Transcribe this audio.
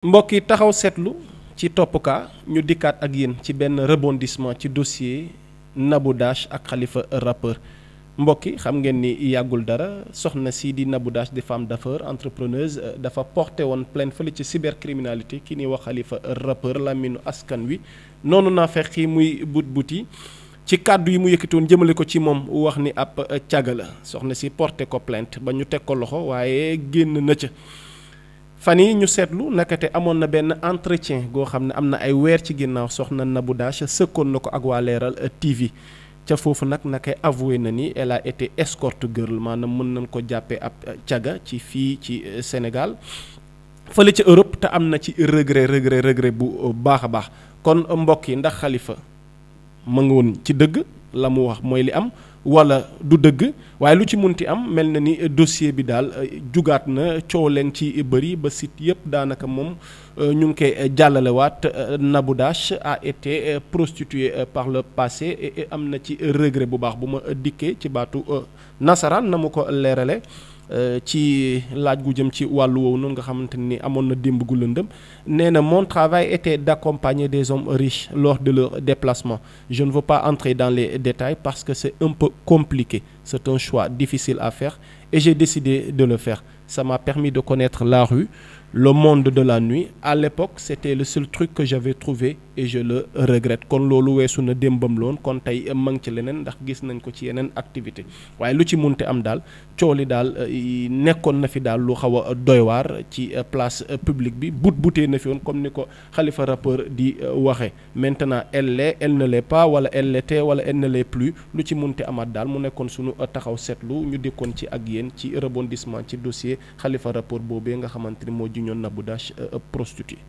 mbokk yi taxaw seetlu ci topp ñu dikkaat ak yéen ci benn rebondissement ci dossier nabu Dash ak Khalifa rappeur mbokk yi xam ngeen ni yàggul dara soxna si di nabu Dash di femme d'affaires entrepreneuse euh, dafa porté woon plainte fële ci cybercriminalité ki ni wax Khalifa rappeur làmmiñu askan wi noonu naa fekk yi muy but buti ci kàddu yi mu yëkkatoon jëmale ko ci moom wax ni ab euh, caga la soxna si porté ko plainte ba ñu teg ko loxo waaye génn na ca fan yi ñu seetlu nakate amoon na benn entretien goo xam ne am na ay weer ci ginnaaw soxna Nabou Dash sëkkoon na ko ak waa Leeral TV ca foofu nag nakay avoué na ni elle a été escort girl maanaam mën nañ ko jàppee ab caga ci fii ci euh, Sénégal fële ci Europe te am na ci regret regret regret bu euh, baax a baax kon mbokk yi ndax xalifa mën nga woon ci dëgg la mu wax mooy li am wala du dëgg waaye lu ci munti am mel na ni dossier bi daal euh, jugaat na coow leen ci bëri ba site yëpp daanaka moom euh, ñu ngi koy euh, jàllalewaat Nabou Dash a été prostituée par le passé am na ci regret bu baax bu ma dikkee ci baatu nasaraan na mu ko leerale Euh, ci laaj gu jëm ci wàllu woowu noonu nga xamante ni amoon na démb gu lëndëm nee na mon travail était d'accompagner des hommes riches lors de leur déplacement je ne veux pas entrer dans les détails parce que c'est un peu compliqué c'est un choix difficile à faire et j'ai décidé de le faire sama m'a permis de connaître la rue, le monde de la nuit. À l'époque, te le seul truc que j'avais trouvé et je le regrette. kon loolu weesu na démbam loon kon tey ma ngi ci leneen ndax gis nañ ko ci yeneen activité waaye lu ci munte am daal cooli daal euh, nekkoon na fi daal lu xaw a doy ci euh, place euh, publique bi but butee na fi woon comme ni ko xalifa rappeur di waxee maintenant l l'est elle ne pas wala elle l'était wala elle ne plus lu ci munte amaat daal mu nekkoon sunu taxaw seetlu ñu dikkoon ci ak yéen ci rebondissement ci dossier xalifa rapport boobee nga xamante ni moo jiñoon Nabou Dash ab euh, prostituée